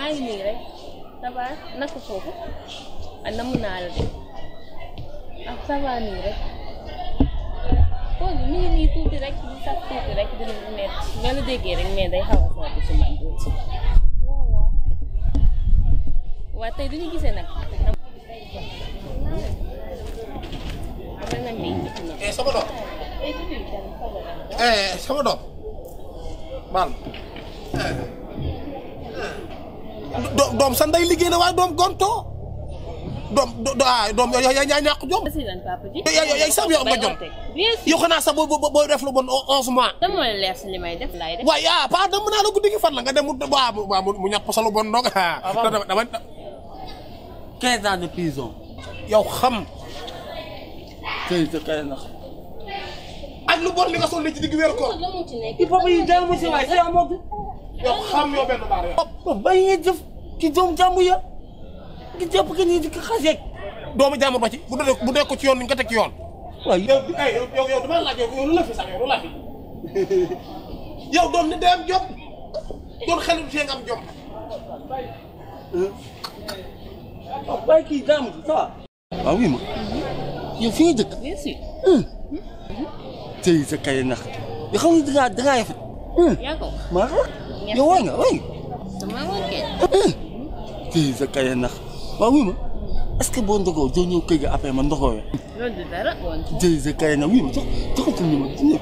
maa ngi nii rek ça va naka foofu ah namu naa la de ah ça nii rek tool bi nii tuuti rek di sax tuuti rek dina métti nga la déggee rek mais day xaw foofu si man tuuti waaw waaw waaw tey du ñu gisee nag. eh sama doom eh sama doom maanaam. Eh. doom sa ndey liggéey na waaye doom gontoo doom ah doom yow yaa yaa ñàkk jom. yow yow yow sax yow nga jom. yow xanaa sax booy booy def lu bon li ah, la guddi gi nga dem mu waaw mu ñàkk sa lu bon donc ah, dama dama. 15 ans de prison. yow xam. tey te kay na xam. ak lu bon li xam yow benn baar yow. ci doomu jàmbur ya ngi jàpp que ni di ko xaseeg doomu jàmbur ba ci bu dee bu dee ko ci yoon ñu ko teg ci yoon. waaw yow yow yow dama laaj yow lu la fi sax yow lu la fi yow doom ni day am jom doon xelu see nga am jom. Ah, waaw bàyyi ah ma. Mm-hmm. yow fi nga dëkk. bien sûr. Mm-hmm. sa kay nax yoo xam ne da ngaa da ngaa maa ko yow waay nga waay. damaa kii sa kaye nax waaw wuy ma est-ce que boo ndogoo doo ñëw k a r ga après ma ndogoo ya. loolu du dara woon. jëy sa kaye nax wuy ma jox joxu ko ñu ma ñ ë p n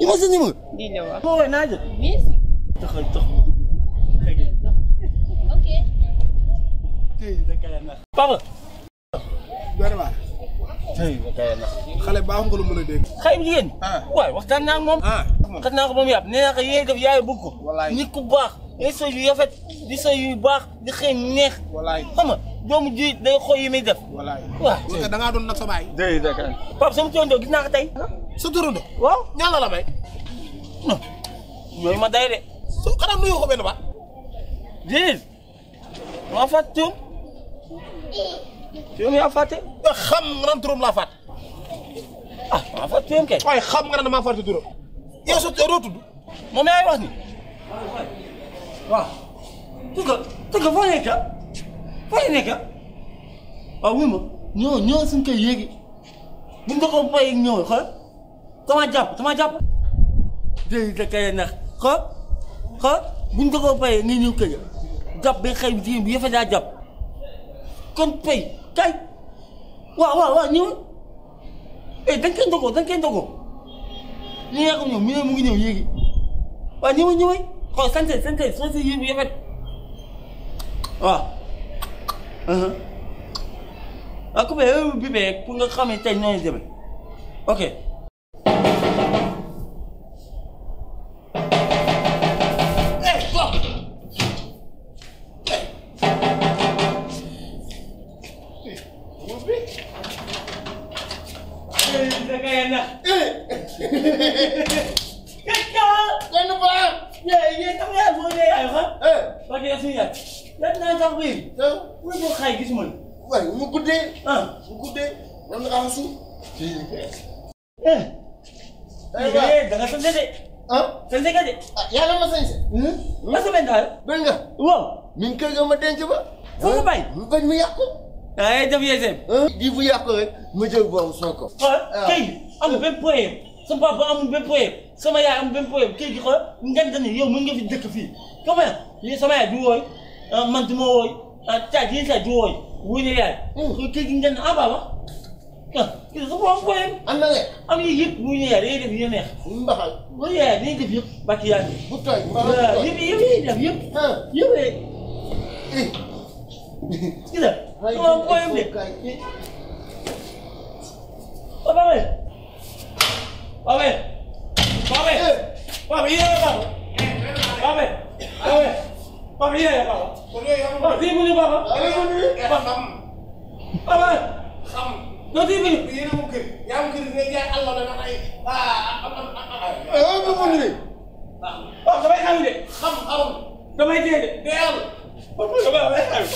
yi ma sa ñu ma. d i i la wax. moo koy naa jël. bien sûr. taxal tax. ok. jëy sa kaye nax. papa. d a r a i m e n t xale baax nga lu mën a dégg. xale bu jigéen. waaye waxtaan naa ak moom. waxtaan naa ko moom yàpp nee naa ko yéen def yaay bëgg ko. nit ku baax day sooy yu rafet di sooy yu baax di xëy neex. xam nga doomu ji day xool yi muy def. waaw da ngaa doon nag sa baay. déedéet kay. Pape sama turandoo gis naa ko tey. sa turandoo. waaw ñaata la may. non yooyu ma day de. su xanaa nuyoo ko benn ba. déedéet. maa fàttali tuyam yaa fàtte. xam nga ne turam laa fàtte. ah maa fàtte tuyam kay. waaye xam nga ne maa fàtte turam. yow sa yow doo tudd. moom yaa ngi ni. waaw. dëgg la dëgg la foo nekk foo nekk ah. waaw ma ñoo ñoo suñ koy yéegi. buñ ko ko bàyyi ñëw xool. sama jàpp sama jàpp. déedéet da kay nax xool xool buñ jàpp. con pei cái wow wow wow nyu ê tăng kiến to ko tăng kiến to ko ni ya ko nyu mi mu nyu yi wa nyu nyu ko san te san te so si yi à fa wa aha aku be bi be punga kame tan nyu de ok yéen xam nga mooy lay ay xam. parce que suñu yaay. yàlla naa sax bii. pour ñu ko xay gis man. waaye mu guddee. ah mu guddee. man nga am suuf. eh. da nga sant de. ah sant nga de. ah yàlla ma sañ se. ma sëbën daal. dégg nga. waaw. min kër ga ma denc ba. foofu bay mu bañ mu yàqu. da ngay def yéen seen. di bu yàqu rek ma jël boobu soo ko. ah kay amul benn problème. sa papa amul benn problème sama yaay amul benn problème kii gi xool ngante ni yow mën nga fi dëkk fii comme lii sama yaay du wooy ah, man du ma wooy caaj ah, yi caaj du wooy wuñu yaay hmm. kii gi ngante ah baba ah kii sa papa am problème am na lekk am yii yëpp wuñu yaay day def yu neex mbaxal wuñu yaay day def yëpp bàkki yaa ngi bu tooy mbaxal yëpp yëpp yi def yëpp yëpp ah. eh. gis nga sama problème de eh. papa Bhave பாவே பாவே இரு பாவே பாவே பாவே பாவே இரு பாவே ஒரே யா பாவே தீ முனி பாவே ஒரே முனி பாவே பாவே sam do தீ முனி இரு முக்கு யா முக்கு இரு யா அல்லாஹ் la ay ஏ முனி பா damay xawi de xam xarum damay dee de deel ba ba damay xawi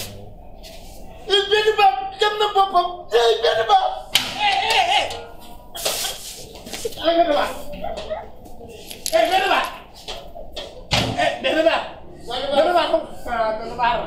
il benn ba dem na boppam